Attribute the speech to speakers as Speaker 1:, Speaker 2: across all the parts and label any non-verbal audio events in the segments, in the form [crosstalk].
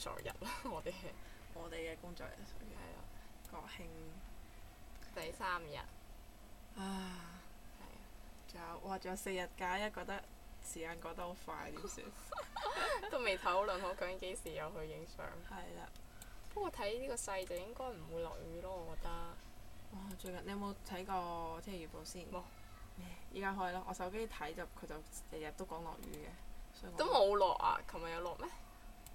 Speaker 1: 昨日啦， [laughs] 我哋我哋嘅工作日所以係咯國慶第三日。啊，係。仲有哇！仲有四日假，一覺得時間過得好快，點算？ [laughs] 都未討論好，究竟幾時有去影相。係啦了。不過睇呢個勢就應該唔會落雨咯，我覺得。啊、哇！最近你有冇睇過天氣預報先？冇哇。依家開咯！我手機睇，就佢就日日都講落雨嘅，所以我都。都冇落啊！琴日有落咩？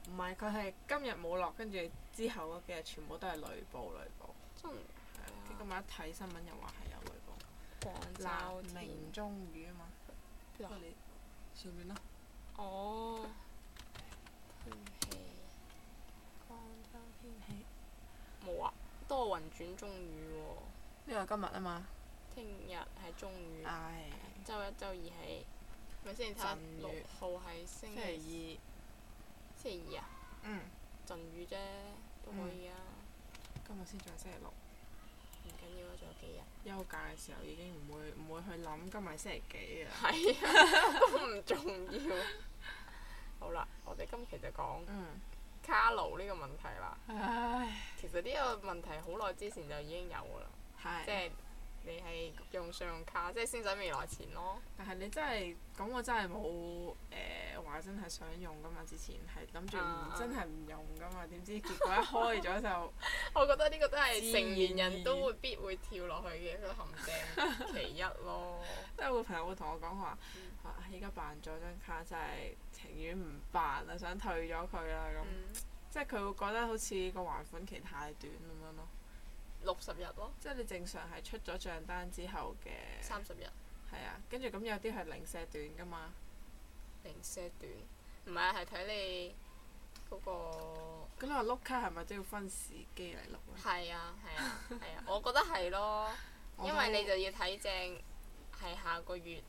Speaker 1: 唔係，佢係今日冇落，跟住之後嗰幾日全部都係雷暴雷暴。真係。係、嗯、今日一睇新聞，又話係有雷暴。廣州天，天中雨啊嘛。啊上邊，上面咯。哦。天氣。廣州天氣。冇啊！多雲轉中雨喎、啊。呢個今日啊嘛。聽日係中雨。唉、哎。週一、周二係。係咪星期三？六號係星期二。星期二啊！
Speaker 2: 嗯，
Speaker 1: 陣雨啫，都可以啊。今日先仲係星期六。唔緊要啊！仲有幾日。休假嘅時候已經唔會唔會去諗，今日星期幾啊？係啊，
Speaker 2: 都唔重要。
Speaker 1: [laughs] [laughs] 好啦，我哋今期就講、
Speaker 2: 嗯、
Speaker 1: 卡 a 呢個問題啦。唉。其實呢個問題好耐之前就已經有㗎啦，即係對。就是你係用信用卡，即係先使未來錢咯。但係你真係咁，我真係冇誒話真係想用噶嘛？之前係諗住真係唔用噶嘛？點知結果一開咗就 [laughs] 我覺得呢個都係成年人都會必會跳落去嘅一個陷阱，其一咯。即係我個朋友會同我講話，話依家辦咗張卡，真係情願唔辦啦，想退咗佢啦咁。嗯、即係佢會覺得好似個還款期太短咁樣咯。六十日咯！即係你正常係出咗賬單之後嘅，三十日。係啊，跟住咁有啲係零舍短㗎嘛。零舍短？唔係啊，係睇你嗰個。咁你話碌卡係咪都要分時機嚟碌啊？係啊，係啊，係啊！我覺得係咯， [laughs] 因為你就要睇正係下個月。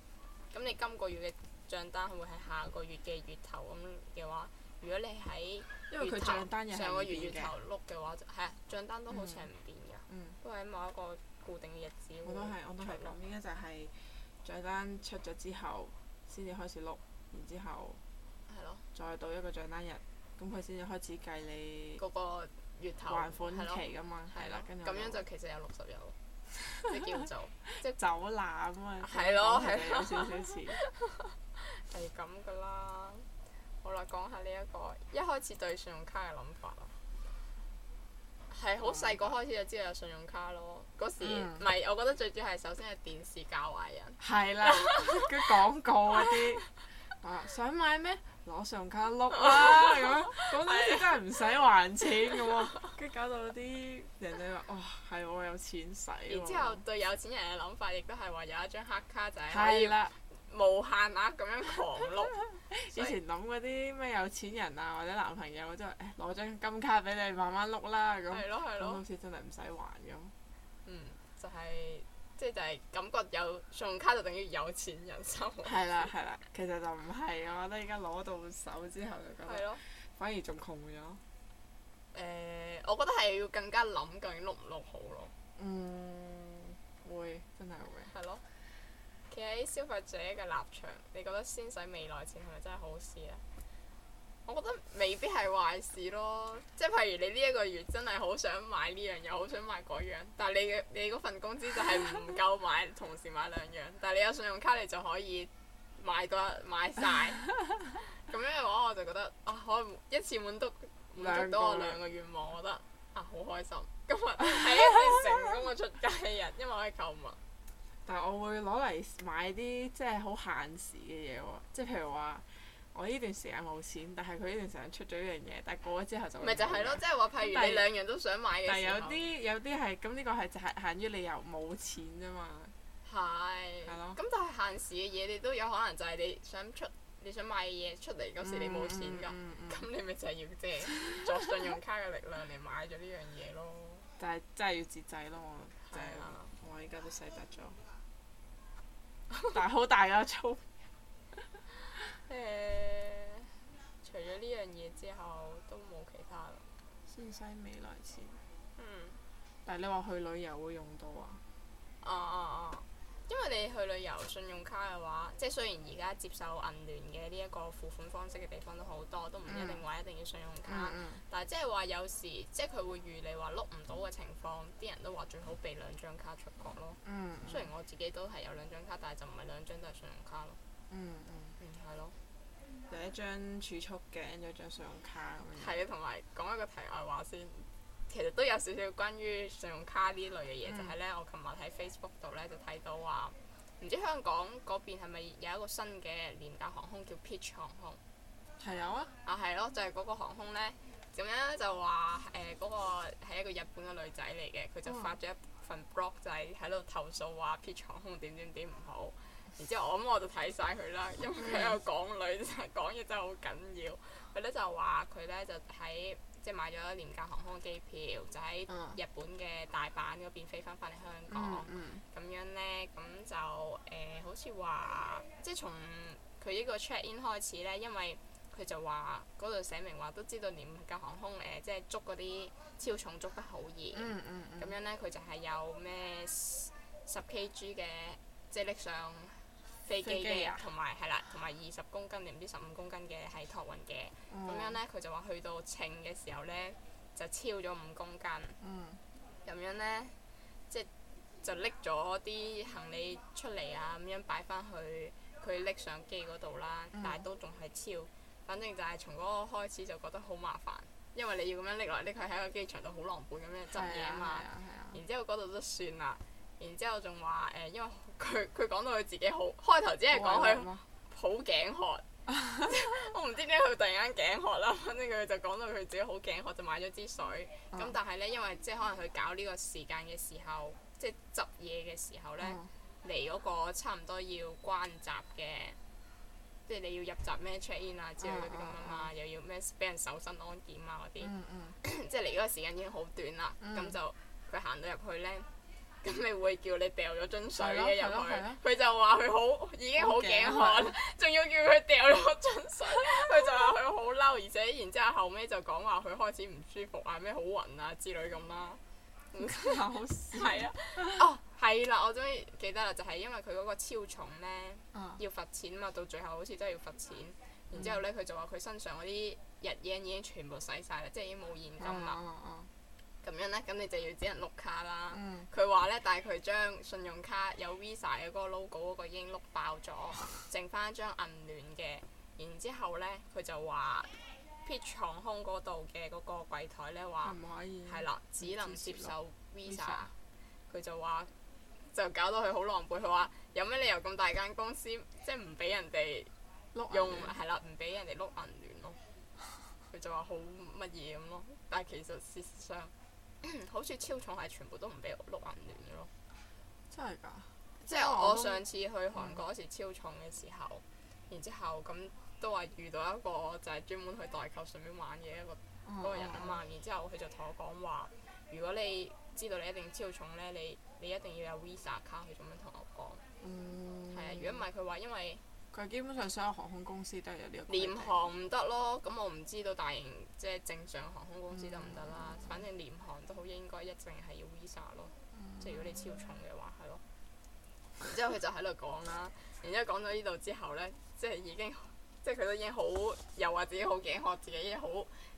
Speaker 1: 咁你今個月嘅賬單會係下個月嘅月頭咁嘅話，如果你喺因為佢賬單上個月月頭碌嘅話就，就係啊，賬單都好似係唔變。嗯嗯，都喺某一個固定嘅日子我，我都係，我都係咁，依家就係帳單出咗之後，先至開始碌，然之後，再到一個帳單日，咁佢先至開始計你嗰個，個月頭還款期㗎嘛，係啦了，咁了樣就其實有六十日，即叫做即走攬啊，即係有少少錢，係咁㗎啦。好啦，講下呢、這、一個一開始對信用卡嘅諗法啦。係好細個開始就知道有信用卡咯，嗰時唔係，嗯，我覺得最主要係首先係電視教壞人。係啦了，啲廣告嗰啲啊，想買咩攞信用卡碌啊，咁樣， [laughs] 講啲嘢真係唔使還錢咁喎，啊，跟住 [laughs] 搞到啲人哋話 [laughs] 哦，係我有錢使。然之後對有錢人嘅諗法亦都係話有一張黑卡就係。係啦。無限額、啊、咁樣狂碌， [laughs] 以，以前諗嗰啲咩有錢人啊，或者男朋友即係誒攞張金卡俾你慢慢碌啦，咁係係咯，咯，公司真係唔使還咁。嗯，就係即係就係、是、感覺有信用卡就等於有錢人生活。係啦係啦，其實就唔係。我覺得而家攞到手之後，就覺了反而仲窮咗。誒、呃，我覺得係要更加諗究竟碌唔碌好咯。嗯，會真係會。係咯。企喺消費者嘅立場，你覺得先使未來錢係咪真係好事咧？我覺得未必係壞事咯，即係譬如你呢一個月真係好想買呢樣嘢，好想買嗰、那、樣、個，但係你嘅你嗰份工資就係唔夠買， [laughs] 同時買兩樣，但係你有信用卡你就可以買多買晒。咁 [laughs] 樣嘅話，我就覺得啊，可以一次滿足個滿足到我兩個願望，我覺得啊好開心！今日係一件成功嘅出街日，因為我可以購物。但係我會攞嚟買啲即係好限時嘅嘢喎，即係譬如話，我呢段時間冇錢，但係佢呢段時間出咗呢樣嘢，但係過咗之後就唔係就係咯，即係話譬如你兩樣都想買，但係有啲有啲係咁，呢個係就係限於你又冇錢啫嘛。係是。係咯。咁但係限時嘅嘢，你都有可能就係你想出你想買嘅嘢出嚟嗰時你，嗯嗯嗯嗯、你冇錢㗎，咁你咪就係要借作信用卡嘅力量嚟買咗呢樣嘢咯。但係真係要節制咯！我係啊，我而家都細達咗。但係好大啊！粗誒，除咗呢樣嘢之後，都冇其他啦。先使未來錢。嗯。但係你話去旅遊會用到啊？哦哦哦。因為你去旅遊，信用卡嘅話，即係雖然而家接受銀聯嘅呢一個付款方式嘅地方都好多，都唔一定話一定要信用卡。嗯嗯、但係即係話有時，即係佢會預你話碌唔到嘅情況，啲人都話最好備兩張卡出國咯。嗯嗯、雖然我自己都係有兩張卡，但係就唔係兩張都係信用卡咯。嗯嗯，係咯。有一張儲蓄嘅，有一張信用卡咁樣。係啊，同埋講一個題外話先。其實都有少少關於信用卡呢類嘅嘢，嗯、就係咧，我琴日喺 Facebook 度咧就睇到話，唔知香港嗰邊係咪有一個新嘅廉價航空叫 Pitch 航空。係有啊。啊，係咯，就係、是、嗰個航空咧，咁樣咧就話誒嗰個係一個日本嘅女仔嚟嘅，佢、嗯、就發咗一份 blog 就喺度投訴話 Pitch 航空點點點唔好。然之後我諗我就睇晒佢啦，因為佢係一個港女講嘢真係好緊要。佢咧就話佢咧就喺。即係買咗廉價航空嘅機票，就喺日本嘅大阪嗰邊飛翻返嚟香港，咁、嗯嗯、樣咧，咁就誒、呃，好似話，即係從佢呢個 check in 開始咧，因為佢就話嗰度寫明話都知道廉價航空誒，即係捉嗰啲超重捉得好嚴，咁、嗯嗯嗯、樣咧佢就係有咩十 K G 嘅，即係拎上。飛機嘅同埋係啦，同埋二十公斤定唔知十五公斤嘅係託運嘅，咁、嗯、樣呢，佢就話去到稱嘅時候呢，就超咗五公斤，
Speaker 2: 咁、
Speaker 1: 嗯、樣呢，即係就拎咗啲行李出嚟啊，咁樣擺翻去佢拎上機嗰度啦，但係都仲係超。嗯、反正就係從嗰個開始就覺得好麻煩，因為你要咁樣拎來拎去喺個機場度好狼狽咁樣執嘢啊嘛。嗯、然之後嗰度都算啦，然之後仲話誒，因為。佢佢講到佢自己好開頭只係講佢好頸渴， [laughs] [laughs] 我唔知點解佢突然間頸渴啦。反正佢就講到佢自己好頸渴，就買咗支水。咁、嗯、但係呢，因為即係可能佢搞呢個時間嘅時候，即係執嘢嘅時候呢，嚟嗰、嗯、個差唔多要關閘嘅，即係你要入閘咩 check in 啊之類嗰啲咁啊嘛，嗯嗯、又要咩俾人搜身安檢啊嗰啲，嗯嗯、 [laughs] 即係嚟嗰個時間已經好短啦。咁、嗯、就佢行到入去呢。咁你會叫你掉咗樽水嘅入去，佢就話佢好已經好頸渴，仲要叫佢掉咗樽水，佢就話佢好嬲，而且然之後後尾就講話佢開始唔舒服啊咩好暈啊之類咁啦。好笑。係啊。哦，係啦，我終於記得啦，就係因為佢嗰個超重呢，要罰錢嘛，到最後好似都係要罰錢。
Speaker 2: 然之後呢，佢
Speaker 1: 就話佢身上嗰啲日嘢已經全部洗晒啦，即係已經冇現金啦。咁樣咧，咁你就要只能碌卡啦。佢話、嗯、呢，但係佢張信用卡有 Visa 嘅嗰個 logo 嗰個已經碌爆咗， [laughs] 剩翻一張銀聯嘅。然之後呢，佢就話 Peach 航空嗰度嘅嗰個櫃枱呢，話，係啦，只能接受 Visa。佢就話，就搞到佢好狼狽。佢話，有咩理由咁大間公司即係唔俾人哋碌，係銀啦，唔俾人哋碌銀聯咯。佢 [laughs] 就話好乜嘢咁咯，但係其實事實上。嗯，好似超重係全部都唔俾我碌銀聯咯，真係㗎！
Speaker 2: 即係是我，我上次
Speaker 1: 去韓國嗰時超重嘅時候，mm hmm. 然之後咁都話遇到一個就係專門去代購順便玩嘅一個嗰、mm hmm. 個人啊嘛，然之後佢就同我講話，如果你知道你一定超重咧，你你一定要有 Visa 卡，佢咁樣同我講，係、mm hmm. 啊，如果唔係佢話因為。佢基本上所有航空公司都有呢個。廉航唔得咯，咁、嗯、我唔知道大型即係正常航空公司得唔得啦。嗯、反正廉航都好應該一定係要 Visa 咯，嗯、即係如果你超重嘅話，係咯。
Speaker 2: [laughs] 然之後佢就喺度講啦，
Speaker 1: 然之後講到呢度之後呢，即係已經即係佢都已經好又話自己好頸渴，自己已經好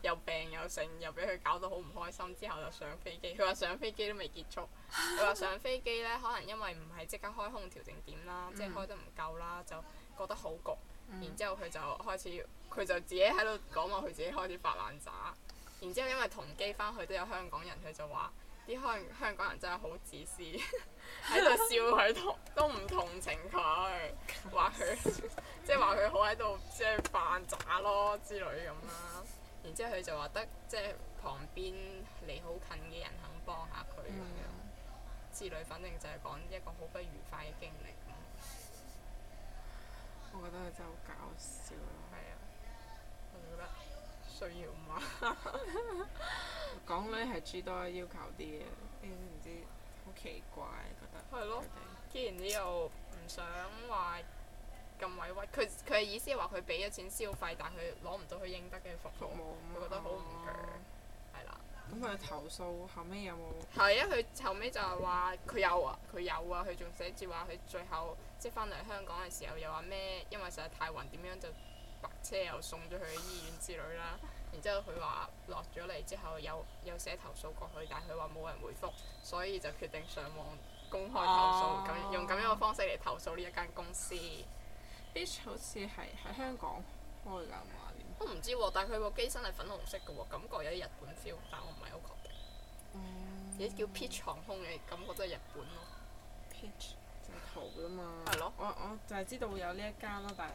Speaker 1: 又病又剩，又俾佢搞到好唔開心。之後就上飛機，佢話上飛機都未結束，佢話 [laughs] 上飛機呢，可能因為唔係即刻開空調定點啦， [laughs] 即係開得唔夠啦就。就覺得好焗，嗯、然之後佢就開始，佢就自己喺度講話，佢自己開始發爛渣。然之後因為同機翻去都有香港人，佢就話啲香港香港人真係好自私，喺度笑佢 [laughs] 都唔同情佢，話佢即係話佢好喺度即係扮渣咯之類咁啦。然之後佢就話得即係旁邊離好近嘅人肯幫下佢咁樣，之類。就是嗯、之類反正就係講一個好不愉快嘅經歷。我覺得佢真係好搞笑咯。係啊，我覺得需要唔話。 [laughs] 港女係諸多要求啲嘅，知唔知好奇怪覺得。係咯，既然你又唔想話咁委屈，佢佢嘅意思係話佢俾咗錢消費，但係佢攞唔到佢應得嘅服務，我覺得好唔咁佢投訴後尾有冇？係啊，佢後尾就係話佢有啊，佢有啊，佢仲寫住話佢最後即係翻嚟香港嘅時候又話咩？因為實在太暈，點樣就白車又送咗去醫院之類啦。然之後佢話落咗嚟之後有有寫投訴過去，但係佢話冇人回覆，所以就決定上網公開投訴，咁、啊、用咁樣嘅方式嚟投訴呢一間公司。Bitch 好似係喺香港開噶嘛？我都唔知喎，但係佢個機身係粉紅色嘅喎，感覺有啲日本 feel，但我唔係好確定。哦、嗯。叫 Pitch 航空嘅感覺真係日本咯。Pitch，圖咯。Pitch 就係桃㗎嘛。係咯。我我就係知道有呢一間啦，但係。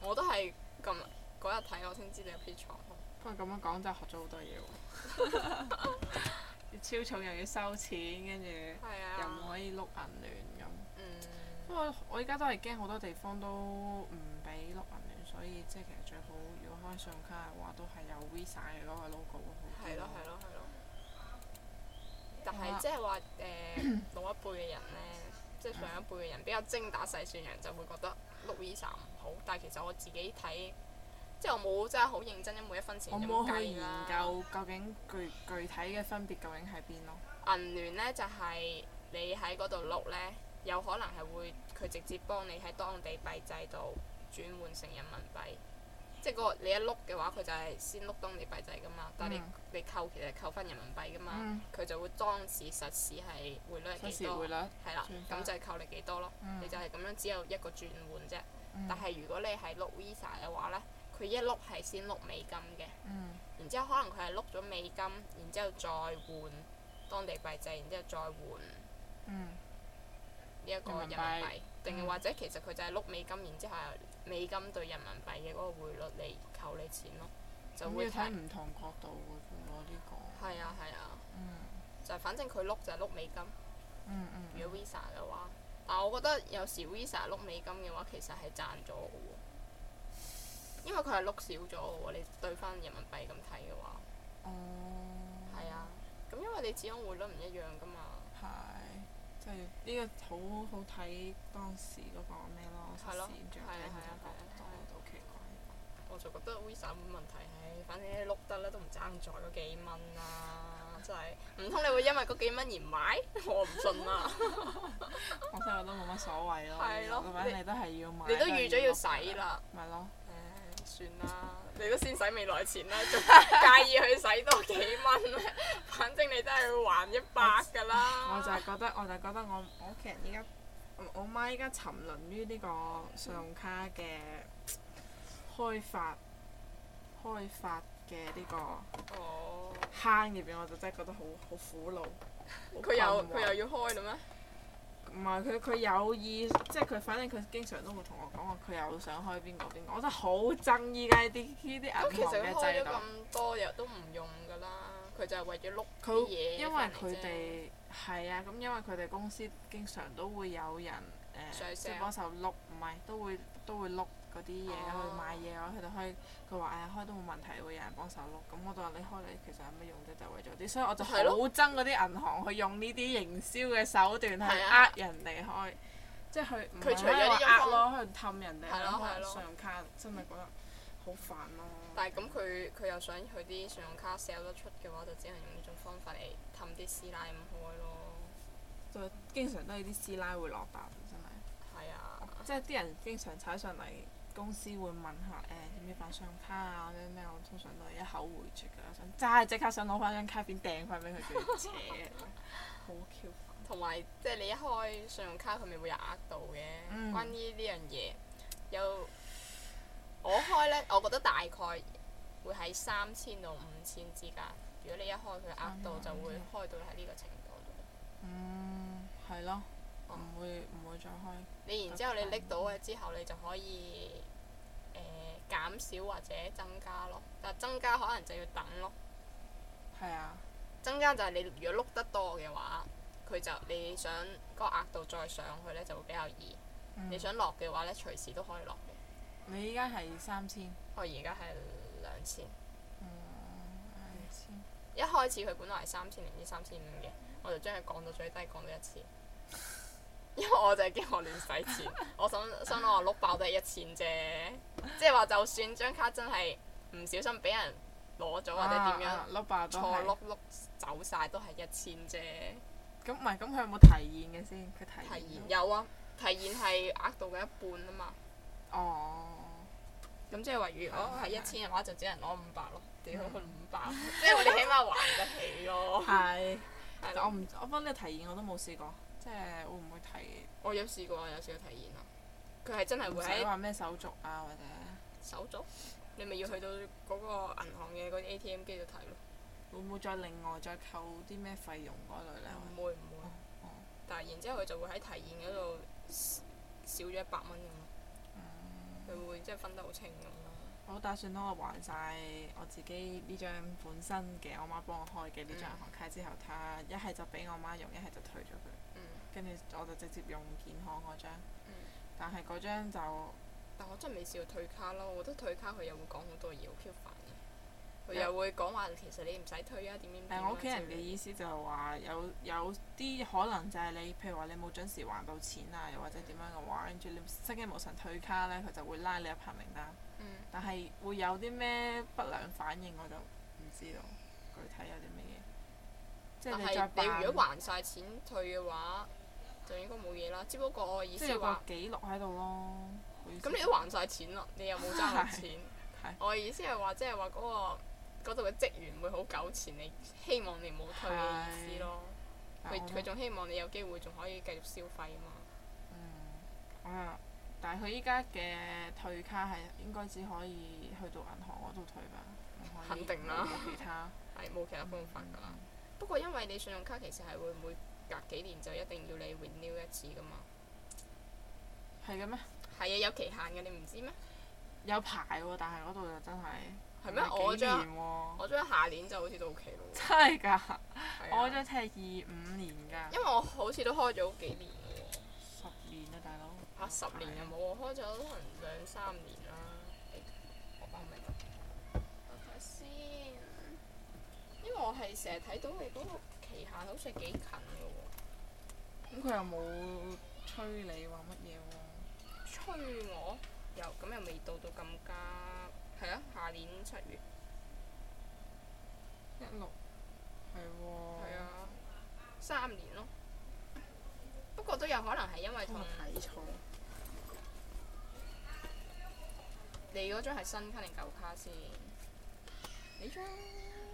Speaker 1: 我都係咁嗰日睇我先知有 Pitch 航空。不過咁樣講就學咗好多嘢喎、啊。 [laughs] [laughs] 要超重又要收錢，跟住、啊、又唔可以碌銀聯咁。嗯。不過我而家都係驚好多地方都唔俾碌銀聯。所以即係其實最好，如果開信用卡嘅話，都係有 Visa 嘅嗰個 logo 會好咯。係咯係咯係咯。 [music] 但係即係話誒老一輩嘅人咧，即係上一輩嘅人比較精打細算嘅人就會覺得 Visa 唔好，但係其實我自己睇，即係我冇真係好認真咁每一分錢。我冇去研究究竟具具體嘅分別究竟喺邊咯。銀聯咧就係你喺嗰度碌咧，有可能係會佢直接幫你喺當地幣制度，轉換成人民幣，即係嗰個你一碌嘅話，佢就係先碌當地幣制噶嘛。嗯、但係你你扣其實係扣翻人民幣噶嘛，佢、嗯、就會當時實時係匯率係幾多？係啦，咁差就係扣你幾多咯。嗯、你就係咁樣只有一個轉換啫。嗯、但係如果你係碌 Visa 嘅話咧，佢一碌係先碌美金嘅，
Speaker 2: 嗯、
Speaker 1: 然之後可能佢係碌咗美金，然之後再換當地幣制，然之後再換呢一個人民幣，定係、嗯、或，或者其實佢就係碌美金，然之後。美金兌人民幣嘅嗰個匯率嚟扣你，你錢咯，就會睇唔同角度會攞呢個。係啊係啊，啊嗯、就反正佢碌就係碌美金。嗯嗯。嗯如果 Visa 嘅話，但係我覺得有時 Visa 碌美金嘅話，其實係賺咗嘅喎。因為佢係碌少咗嘅喎，你兌翻人民幣咁睇嘅話。哦、嗯。係啊，咁因為你始終匯率唔一樣㗎嘛。係，即係呢個好好睇當時嗰個咩咯。係咯，係啊，係啊，真係好奇怪。我就覺得 Visa 問題，唉，反正你碌得啦，都唔爭在嗰幾蚊啦，真係。唔通你會因為嗰幾蚊而買？我唔信啊！我真係都冇乜所謂咯。係咯。反正你都係要買。你都預咗要使啦。咪咯。誒，算啦，你都先使未來錢啦，仲介意去使多幾蚊？反正你都係要還一百㗎啦。我就係覺得，我就覺得，我我屋企人而家。我我媽依家沉淪於呢個信用卡嘅開發開發嘅呢個坑入邊，我就真係覺得好好苦惱。佢又佢又要開嘞咩？唔係佢，佢有意，即係佢，反正佢經常都會同我講話，佢又想開邊個邊個，我真係好憎依家呢啲呢啲銀行嘅制度。開咗咁多日都唔用㗎啦，佢就係為咗碌佢啲嘢佢哋。因為係啊，咁、嗯、因為佢哋公司經常都會有人誒，即、呃、係幫手碌，唔係都會都會碌嗰啲嘢去買嘢咯。佢哋開，佢話誒開都冇問題喎，會有人幫手碌。咁、嗯、我就話你開你其實有咩用啫？就為咗啲，所以我就好憎嗰啲銀行去用呢啲營銷嘅手段去呃人哋開，即係佢唔係因為呃咯，去氹人哋攞信用卡，真係覺得。嗯好煩咯、啊！但係咁佢佢又想佢啲信用卡 sell 得出嘅話，就只能用呢種方法嚟氹啲師奶唔開咯。就經常都係啲師奶會落白真係。係啊。哦、即係啲人經常踩上嚟，公司會問下誒、哎、要唔要辦信用卡啊？嗰啲咩我通常都係一口回絕嘅，想就係即刻想攞翻張卡片掟翻俾佢，叫佢扯。好 Q 煩。同埋即係你一開信用卡，佢咪會，會有額度嘅？嗯、關於呢樣嘢有。我開呢，我覺得大概會喺三千到五千之間。如果你一開佢額度，就會開到喺呢個程度度。嗯，係咯。我唔、哦、會唔會再開。你然之後，你拎到嘅之後，你就可以誒減、呃、少或者增加咯。但增加可能就要等咯。係啊。增加就係你如果碌得多嘅話，佢就你想嗰個額度再上去呢就會比較易。嗯、你想落嘅話呢，隨時都可以落。你依家係三千，我而家係兩千。嗯、兩千。一開始佢本來係三千零至三千五嘅，我就將佢降到最低，降到一千。因為我就係驚我亂使錢， [laughs] 我想，想話碌爆都係一千啫。即係話，就，是，就算張卡真係唔小心俾人攞咗，啊、或者點樣碌，碌爆錯碌碌走晒都係一千啫。咁唔係咁，佢有冇提現嘅先？佢提，提現有啊，提現係額度嘅一半啊嘛。哦，咁、oh, 即係話，如果係一千嘅話，就只能攞五百咯。屌，五百，即係你起碼還得起咯。係。但係我唔，我幫你提現我都冇試過，即係會唔會提？我有試過，有試過提現啊！佢係真係會喺。唔使話咩手續啊，或者。手續？你咪要去到嗰個銀行嘅嗰啲 ATM 機度睇咯。會唔會再另外再扣啲咩費用嗰類咧？唔會唔會。哦。Oh. 但係然之後，佢就會喺提現嗰度少少咗一百蚊咁咯。會即係分得好清咁咯。嗯、我打算當我還晒我自己呢張本身嘅，我媽幫我開嘅呢張銀行卡之後，卡一係就俾我媽用，一係就退咗佢。跟住、嗯、我就直接用建行嗰張。嗯、但係嗰張就。但我真係未試過退卡咯，我覺得退卡佢又會講好多嘢，好煩。佢又會講話，其實你唔使退啊，點點點。但係我屋企人嘅意思就係話有有啲可能就係你，譬如話你冇準時還到錢啊，又或者點樣嘅話，跟住、嗯、你失驚無神退卡咧，佢就會拉你入黑名單。嗯、但係會有啲咩不良反應，我就唔知道。具體有啲咩嘢？
Speaker 2: 即係你，你如果還晒
Speaker 1: 錢退嘅話，就應該冇嘢啦。只不過我嘅意思係話記錄喺度咯。咁你都還晒錢咯？你有冇爭落錢？ [laughs] 是我嘅意思係話，即係話嗰個。嗰度嘅職員會好糾纏你，希望你唔好退嘅意思咯。佢仲但 希望你有機會仲可以繼續消費吖嘛。嗯。但係佢依家嘅退卡係應該只可以去到銀行嗰度退吧。肯定啦。冇其他。 [laughs] 係冇其他方法㗎喇。嗯、不過，因為你信用卡其實係會唔會隔幾年就一定要你，renew，一次㗎嘛？係嘅咩？係啊！有期限㗎，你唔知咩？有排喎，啊，但係嗰度就真係。係咩？啊、我張我張下年就好似到期嘞、啊、真係㗎！ [laughs] [laughs] 我張踢係二五年㗎。因為我好似都開咗幾年喎、啊。十年啊，大佬！啊，十年又冇對 開咗，可能兩三年啦、啊哎。我唔明。睇下先。因為我係成日睇到、啊、有有你嗰個期限，好似幾近嘅喎。咁佢又冇催你話乜嘢喎？催我？又咁又未到到咁加。係啊！下年七月，一六，係喎，係啊，三年咯。不過都有可能係因為同人睇錯。你嗰張係新卡定舊卡先？你張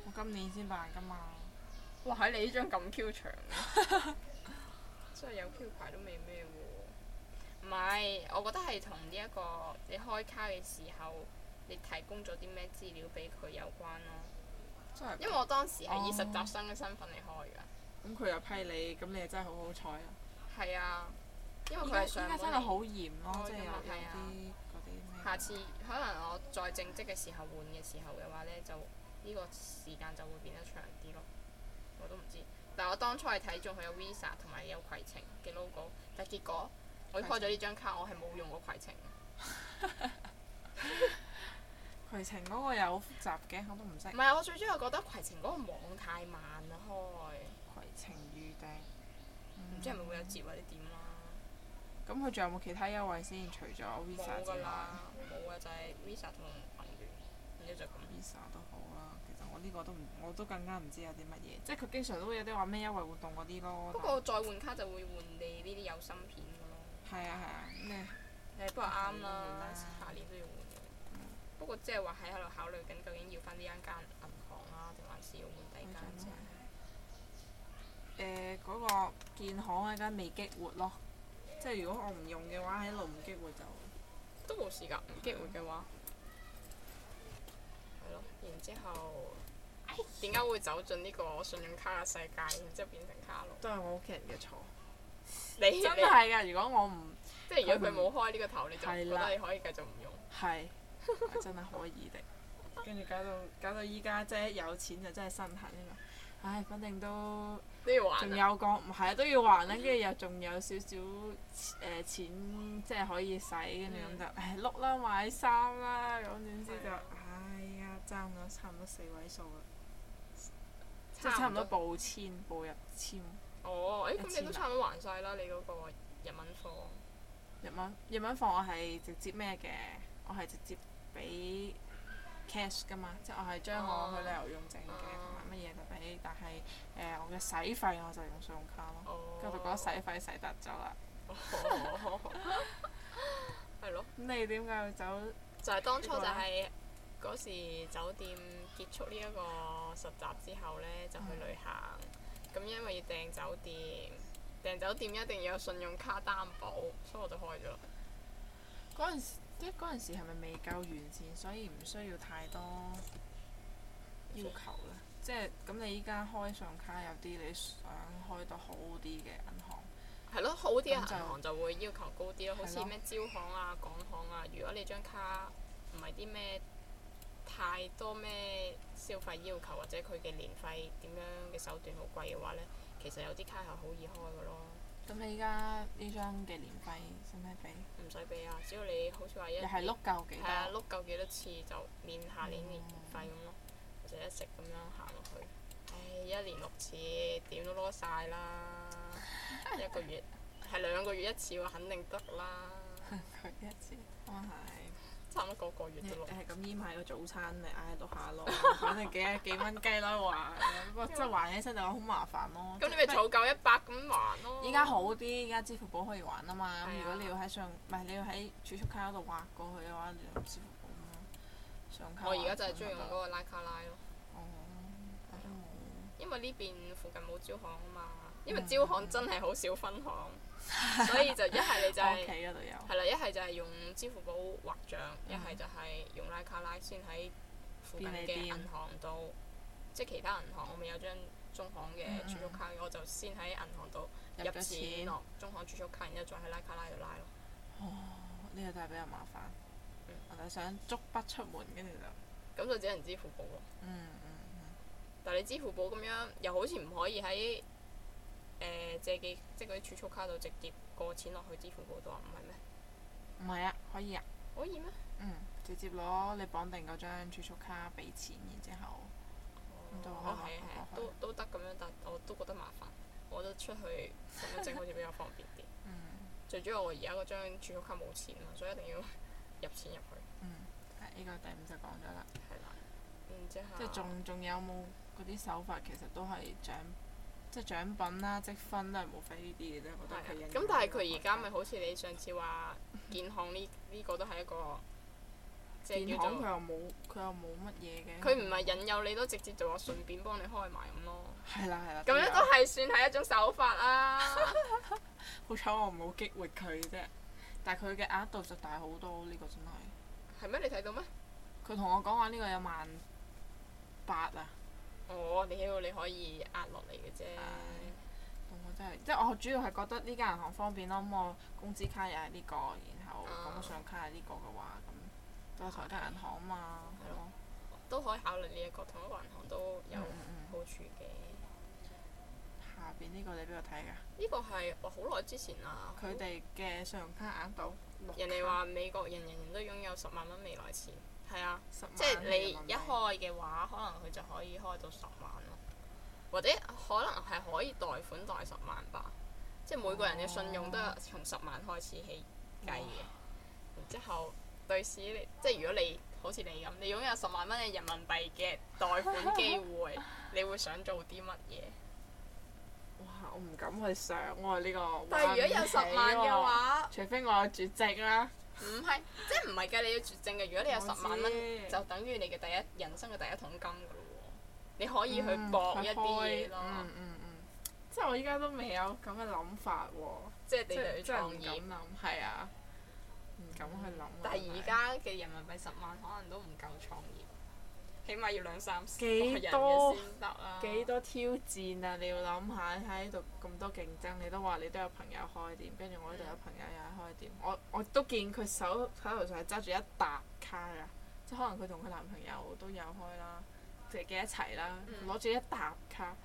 Speaker 1: 我今年先辦㗎嘛！哇！喺你呢張咁 Q 長啊！ [laughs] 真係有 Q 牌都未咩喎？唔係，我覺得係同呢一個你開卡嘅時候。你提供咗啲咩資料俾佢有關咯？是因為我當時係以實習生嘅身份嚟開㗎。咁佢又批你，咁你真係好好彩啊！係啊，因為佢係上班。依家真係好嚴咯！哦、即有啲嗰、啊、下次可能我再正職嘅時候換嘅時候嘅話呢，就呢個時間就會變得長啲咯。我都唔知，但係我當初係睇中佢有 Visa 同埋有攜程嘅 logo，但係結果程我已經開咗呢張卡，我係冇用過攜程。 [laughs] 攜程嗰個又好複雜嘅，我都唔識。唔係啊！我最主要覺得攜程嗰個網太慢啦，開。攜程預訂。唔、嗯、知係咪會有折或者點啦？咁佢仲有冇其他優惠先？除咗 Visa 之外。冇啊，就係、是、Visa 同銀聯，然之後就咁。Visa 都好啦、啊，其實我呢個都唔，我都更加唔知有啲乜嘢。即係佢經常都會有啲話咩優惠活動嗰啲咯。但 不過再換卡就會換你呢啲有芯片嘅咯。係啊係啊，咩、啊？誒、啊，嗯、不過啱啦，下年都要用不過，即係話喺喺度考慮緊，究竟要翻呢間銀行啊，定還是要換第二間？誒，嗰、呃嗰個建行嗰間未激活咯，即係如果我唔用嘅話，喺度唔激活就都冇事㗎唔激活嘅話。係對咯，然之後點解、哎、呀會走進呢個信用卡嘅世界，然之後變成卡奴？都係我屋企人嘅錯。你 [laughs] 真係㗎！你 如果我唔即係如果佢冇開呢個頭，會你就覺得你可以繼續唔用。係。 [laughs] 啊、真係可以的，跟住 [laughs] 搞到搞到依家，即係一有錢就真係身痕呢啊！唉，反正都都要、啊、都要還，仲有個唔係都要還啦。跟住又仲有少少唉、呃，錢，即係可以使。跟住咁就唉碌啦，買衫啦。咁緊之就唉呀，爭咗差唔多，多四位數啦。即係差唔多報簽，報入簽。哦、咁、哎 1, 嗯、你都差唔多還晒啦？了你嗰個日文課。日文日文課我係直接咩嘅？我係直接。俾 cash 㗎嘛，即係我係將我去旅遊用剩嘅同埋乜嘢就俾，但係誒、呃、我嘅使費我就用信用卡咯，咁、oh，就覺得使費使得咗啦，係咯。咁你點解要走？就係當初就係、是、嗰時酒店結束呢一個實習之後咧，就去旅行。咁、嗯嗯、因為要訂酒店，訂酒店一定要有信用卡擔保，所以我就開咗。嗰陣時。 [noise] 即係嗰陣時係咪未夠完善？所以唔需要太多要求咧，即係咁，你依家開信用卡有啲，你想開得好啲嘅銀行。係咯，好啲嘅銀行就會要求高啲咯。就好似咩招行啊、港行啊。如果你張卡唔係啲咩太多咩消費要求，或者佢嘅年費點樣嘅手段好貴嘅話咧，其實有啲卡係好易開嘅咯。咁你依家呢張嘅年費使唔使俾？唔使俾啊！只要你好似話一，又係碌夠幾多？係啊，碌夠幾多次就免下年年費咁咯，嗯、就一直咁樣行落去。唉、哎，一年六次點都攞晒啦！ [laughs] 一個月係兩個月一次喎，肯定得啦。
Speaker 2: 佢 [laughs] 一次。 [laughs]
Speaker 1: 差唔多個個月啫咯，誒咁依買個早餐嚟挨喺度下咯，反正幾啊幾蚊雞啦還，不過即係還起身就好麻煩咯。咁為即你咪儲夠一百咁還咯。依家好啲，依家支付寶可以還啊嘛。咁、嗯嗯、如果你要喺上，唔係、嗯啊、你要喺儲蓄卡嗰度劃過去嘅話，你用支付寶咯。上卡。我而家就係中意用嗰個拉卡拉咯。哦。嗯嗯、因為呢邊附近冇招行啊嘛。因為招行真係好少分行，
Speaker 2: 所以就一係你就係屋企嗰度有，係啦，
Speaker 1: 一係就係用支付寶劃賬，一係就係用拉卡拉先喺附近嘅銀行度，即係其他銀行，我咪有張中行嘅儲蓄卡，我就先喺銀行度入咗錢落中行儲蓄卡，然之後再喺拉卡拉度拉咯。哦，呢個就係比較麻煩。我就想足不出門，跟住就。咁就只能支付寶咯。嗯嗯、但係你支付寶咁樣又好似唔可以喺。誒借記，即係嗰啲儲蓄卡度直接過錢落去支付寶度啊！唔係咩？唔係啊，可以啊。可以咩？嗯。直接攞你綁定嗰張儲蓄卡俾錢，然之後。都都得咁樣，但我都覺得麻煩。我都出去使乜證好似比較方便啲。嗯。最主要我而家嗰張儲蓄卡冇錢啊，所以一定要入錢入去。
Speaker 2: 嗯。
Speaker 1: 係，依個第五就講咗啦。係。嗯，然之後。即係仲仲有冇嗰啲手法？其實都係長。即係獎品啦、啊、積分啦，係冇費呢啲嘅啫，我覺得佢引誘。咁但係佢而家咪好似你上次話建行呢？呢 [laughs] 個都係一個。
Speaker 2: 建行佢
Speaker 1: 又冇，佢又冇乜嘢嘅。佢唔係引誘你，都直接就話順便幫你開埋咁咯。係啦，係啦。咁樣都係算係一種手法啊！ [laughs] [laughs] 好彩我冇激活佢啫。但係佢嘅額度就大好多，呢、呢個真係。係咩？你睇到咩？佢同我講話呢個有萬八啊！我、哦、你喎，你可以壓落嚟嘅啫。咁、哎、我真係即我主要係覺得呢間銀行方便咯。咁我工資卡又係呢個，然後咁信用卡係呢、這個嘅話，咁都係同一間銀行啊嘛，係咯。都可以考慮呢、這、一個同一個銀行都有好處嘅、嗯嗯嗯。下邊呢個你邊度睇㗎？呢個係我好耐之前啦。佢哋嘅信用卡額度，人哋話美國人人人都擁有十萬蚊未來錢。係啊，即係你一開嘅話，可能佢就可以開到十萬咯。或者可能係可以貸款貸十萬吧，即係每個人嘅信用都係從十萬開始起計嘅。哦、然之後對你，即係如果你好似你咁，你擁有十萬蚊嘅人民幣嘅貸款機會， [laughs] 你會想做啲乜嘢？哇！我唔敢去想喎呢個。啊、但係如果有十萬嘅話，除非我有絕症啦。唔係，即係唔係㗎，你要絕症嘅，如果你有十萬蚊，就等於你嘅第一人生嘅第一桶金㗎咯喎，你可以去搏一啲嘢咯。嗯嗯嗯，嗯，即係我依家都未有咁嘅諗法喎，即係你哋去創業，係啊，唔敢去諗。但係而家嘅人民幣十萬可能都唔夠創業。起碼要兩三，啊、幾多幾多挑戰啊！你要諗下喺度咁多競爭，你都話你都有朋友開店，跟住我呢度有朋友又係開店。嗯、我我都見佢手手頭上揸住一沓卡㗎，即係可能佢同佢男朋友都有開啦，記得一齊啦，攞住一沓卡，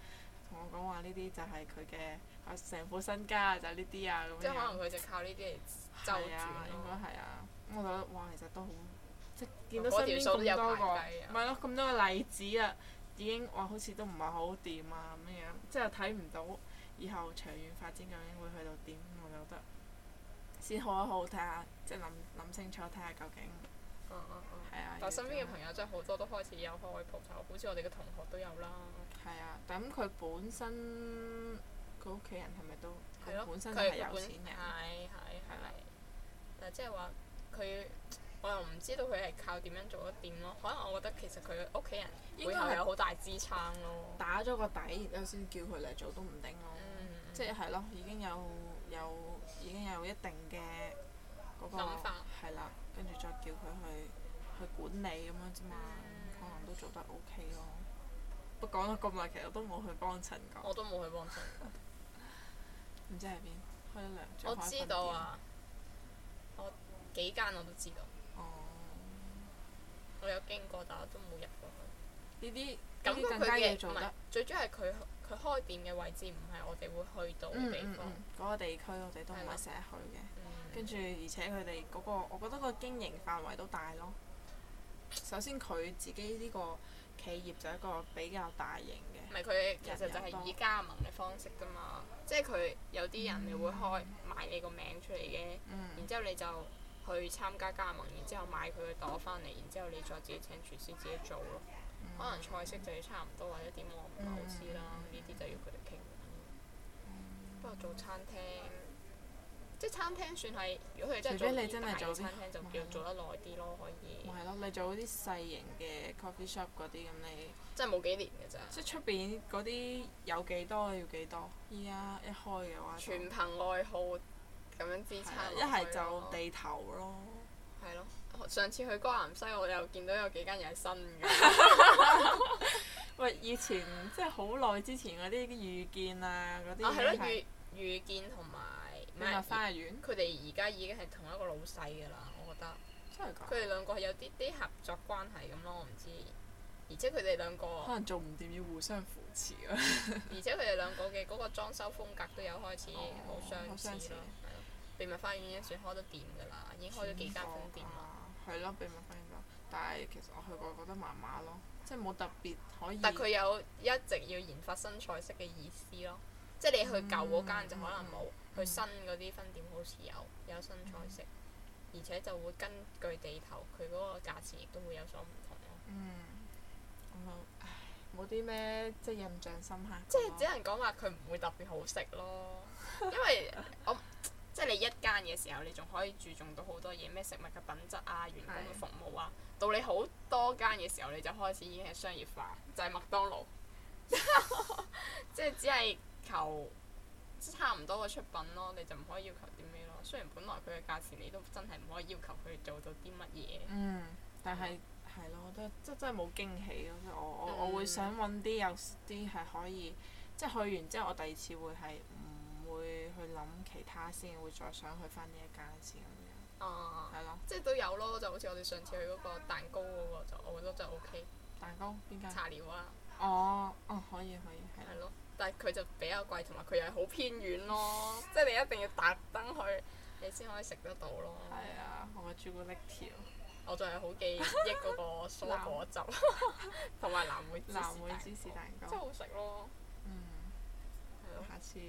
Speaker 1: 同、嗯、我講話呢啲就係佢嘅，啊成副身家、就係、啊，就係呢啲啊咁樣。即係可能佢就靠呢啲嚟就住。係啊，應該係啊。咁我覺得哇，其實都好。即見到身邊咁多個，唔係咯，咁多個例子啊，已經哇好似都唔係好掂啊咁樣，即係睇唔到以後長遠發展究竟會去到點，我就覺得先好好睇下，即係諗諗清楚睇下究竟。哦哦哦。係啊。但身邊嘅朋友真係好多都開始有開鋪頭，好似我哋嘅同學都有啦。係啊，但咁佢本身佢屋企人係咪都？係咯。佢本身都係有錢人。係係係。嗱，即係話佢。我又唔知道佢係靠點樣做得掂咯。可能我覺得其實佢屋企人應該係有好大支撐咯。打咗個底，而家先叫佢嚟做都唔定咯。嗯、即係係咯，已經有有已經有一定嘅嗰、那個、諗法。係啦，跟住再叫佢去去管理咁樣啫嘛，嗯、可能都做得 OK 咯。不過講到咁耐，其實我都冇去幫襯過。我都冇去幫襯過。唔 [laughs] 知喺邊？開咗兩張。我知道啊。我幾間我都知道。我有經過，但我都冇入過去。呢啲更加嘅做得、嗯。最主要係佢佢開店嘅位置唔係我哋會去到嘅地方，嗰、嗯嗰個地區我哋都唔係成日去嘅。跟住、嗯，嗯、而且佢哋嗰個，我覺得個經營範圍都大咯。首先，佢自己呢個企業就一個比較大型嘅。唔咪佢其實就係以加盟嘅方式㗎嘛，即係佢有啲人你會開賣、嗯、你個名出嚟嘅，嗯、然之後你就。去參加加盟，然之後買佢嘅檔翻嚟，然之後你再自己請廚師自己做咯。嗯、可能菜式就要差唔多或者點我唔係好知啦。呢啲、嗯、就要佢哋傾。嗯、不過做餐廳，嗯、即係餐廳算係，如果佢真係做餐廳，就叫做得耐啲咯，嗯、可以。咪係咯，你做嗰啲細型嘅 coffee shop 嗰啲咁你。即係冇幾年㗎咋？即係出邊嗰啲有幾多要幾多。依家一開嘅話。全憑愛好。咁樣支撐落去一係就地頭咯、啊。係咯、啊，上次去江南西，我又見到有幾間嘢係新嘅。喂，以前即係好耐之前嗰啲遇見啊，嗰啲。啊，咯、啊，遇遇見同埋。禮物花園。佢哋而家已經係同一個老細㗎啦，我覺得。真係㗎。佢哋兩個係有啲啲合作關係咁咯，我唔知。而且佢哋兩個。可能做唔掂要互相扶持啊！ [laughs] 而且佢哋兩個嘅嗰個裝修風格都有開始好相似咯、哦。秘密花園已經算開得掂㗎啦，已經開咗幾間分店、啊、啦。係咯，秘密花園就，但係其實我去過，覺得麻麻咯，即係冇特別可以。但佢有一直要研發新菜式嘅意思咯，即係你去舊嗰間就可能冇，去、嗯、新嗰啲分店好似有有新菜式。嗯、而且就會根據地頭，佢嗰個價錢亦都會有所唔同咯、嗯。嗯。咁樣，唉，冇啲咩即係印象深刻。即係只能講話佢唔會特別好食咯，因為我。即係你一間嘅時候，你仲可以注重到好多嘢，咩食物嘅品質啊，員工嘅服務啊。是的 到你好多間嘅時候，你就開始已經係商業化，就係、是、麥當勞。 [laughs] 即係只係求差唔多嘅出品咯，你就唔可以要求啲咩咯。雖然本來佢嘅價錢，你都真係唔可以要求佢做到啲乜嘢。嗯，但係係咯，嗯、我覺得真係冇驚喜咯。我我我會想揾啲有啲係可以，即係去完之後，我第二次會係。會去諗其他先，會再想去翻呢一間先咁樣，係咯，即係都有咯。就好似我哋上次去嗰個蛋糕嗰個就，我覺得就 OK。蛋糕邊間？茶寮啊！哦哦，可以可以。係咯，但係佢就比較貴，同埋佢又係好偏遠咯。即係你一定要特登去，你先可以食得到咯。係啊，同埋朱古力條。我就係好記憶嗰個蔬果汁，同埋藍莓藍莓芝士蛋糕，真係好食咯。嗯，下次。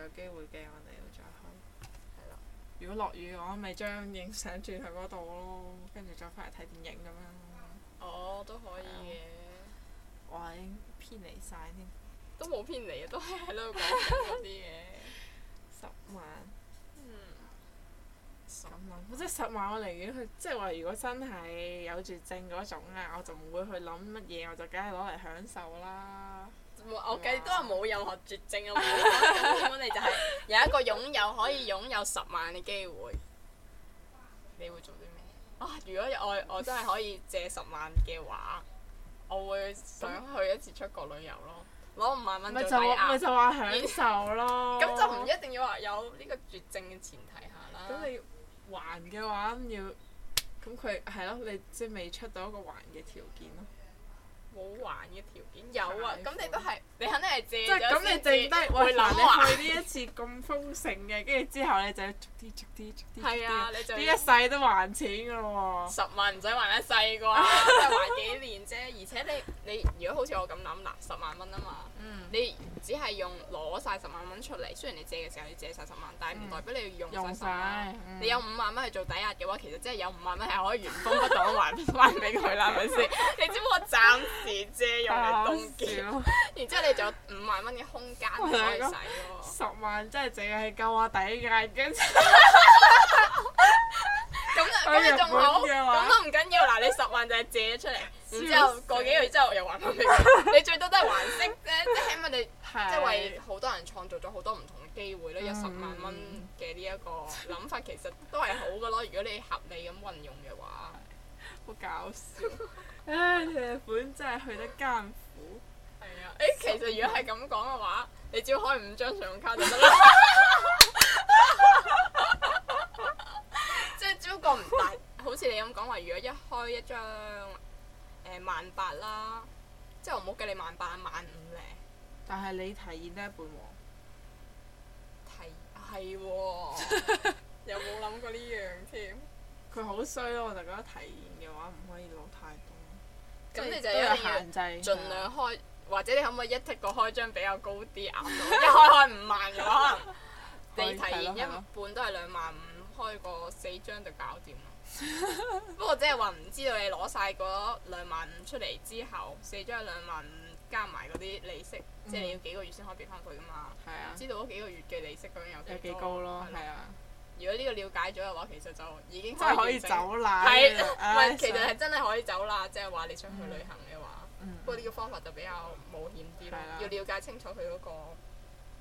Speaker 1: 有機會嘅，我哋會再去。係咯了。如果落雨，我咪將影相轉去嗰度咯，跟住再翻嚟睇電影咁樣。哦，都可以嘅、哎。我哇！偏離晒添。都冇偏離啊，都係喺度講緊嗰啲嘢。十萬。嗯、十萬，我真係十萬，我寧願去，即係話如果真係有絕症嗰種啊，我就唔會去諗乜嘢，我就梗係攞嚟享受啦。我計都係冇任何絕症啊嘛， [laughs] 就係有一個擁有可以擁有十萬嘅機會。 [laughs] 你會做啲咩？啊！如果我我真係可以借十萬嘅話，我會想去一次出國旅遊咯。攞五萬蚊咪就，咪就話享受咯。咁 [laughs] [laughs] 就唔一定要話有呢個絕症嘅前提下啦。咁、嗯、你，你還嘅話，要咁佢係咯？你即係未出到一個還嘅條件咯。冇還嘅條件有啊，咁、嗯、你都係你肯定係借咗。咁，你淨低喂，嗱還，你去呢一次咁豐盛嘅，跟住之後咧就要逐啲逐啲逐啲。係啊，你就要。一世都還錢噶喎、啊。十萬唔使還一世啩，都係 [laughs] 還幾年啫。而且你你如果好似我咁諗，嗱，十萬蚊啊嘛。嗯、你只係用攞晒十萬蚊出嚟，雖然你借嘅時候你借晒十萬，但係唔代表你要用晒十萬。嗯、你有五萬蚊去做抵押嘅話，其實真係有五萬蚊係可以原封不動還翻俾佢啦，係咪先？ [laughs] [laughs] 你只不過暫時借用嚟東借， [laughs] [laughs] 然之後你仲有五萬蚊嘅空間 [laughs] 你可以使喎。十萬真係淨係夠我抵押，跟
Speaker 2: 住咁你仲好？咁都唔
Speaker 1: 緊要嗱，你十萬就係借出嚟。之後過幾個月之後又還翻俾你，你最多都係還息啫。即係起碼你即係為好多人創造咗好多唔同嘅機會啦。有十萬蚊嘅呢一個諗法其實都係好㗎咯。如果你合理咁運用嘅話，好搞笑。唉，日本真係去得艱苦。
Speaker 2: 係啊，誒，其實如果係
Speaker 1: 咁講嘅話，你只要開五張信用卡就得啦。即係只不過唔大，好似你咁講話，如果一開一張。誒萬八啦，即我唔好計你萬八萬五咧。但係你提現得一半喎。啊。提係喎，啊、 [laughs] 又冇諗過呢樣添。佢好衰咯，我就覺得提現嘅話唔可以攞太多。咁你就有一限制，儘、嗯、量開，或者你可唔可以一剔 i c k 個開張比較高啲壓
Speaker 2: [laughs] 一開開五萬就可
Speaker 1: [laughs] 你提現一半都係兩萬五，開個四張就搞掂。不過即係話唔知道你攞晒嗰兩萬五出嚟之後，四張兩萬五加埋嗰啲利息，即係你要幾個月先可以俾翻佢噶嘛？係啊，唔知道嗰幾個月嘅利息究竟有幾高咯。係啊，如果呢個了解咗嘅話，其實就已經真係可以走啦。係，其實係真係可以走啦，即係話你想去旅行嘅話。不過呢個方法就比較冒險啲咯，要了解清楚佢嗰個。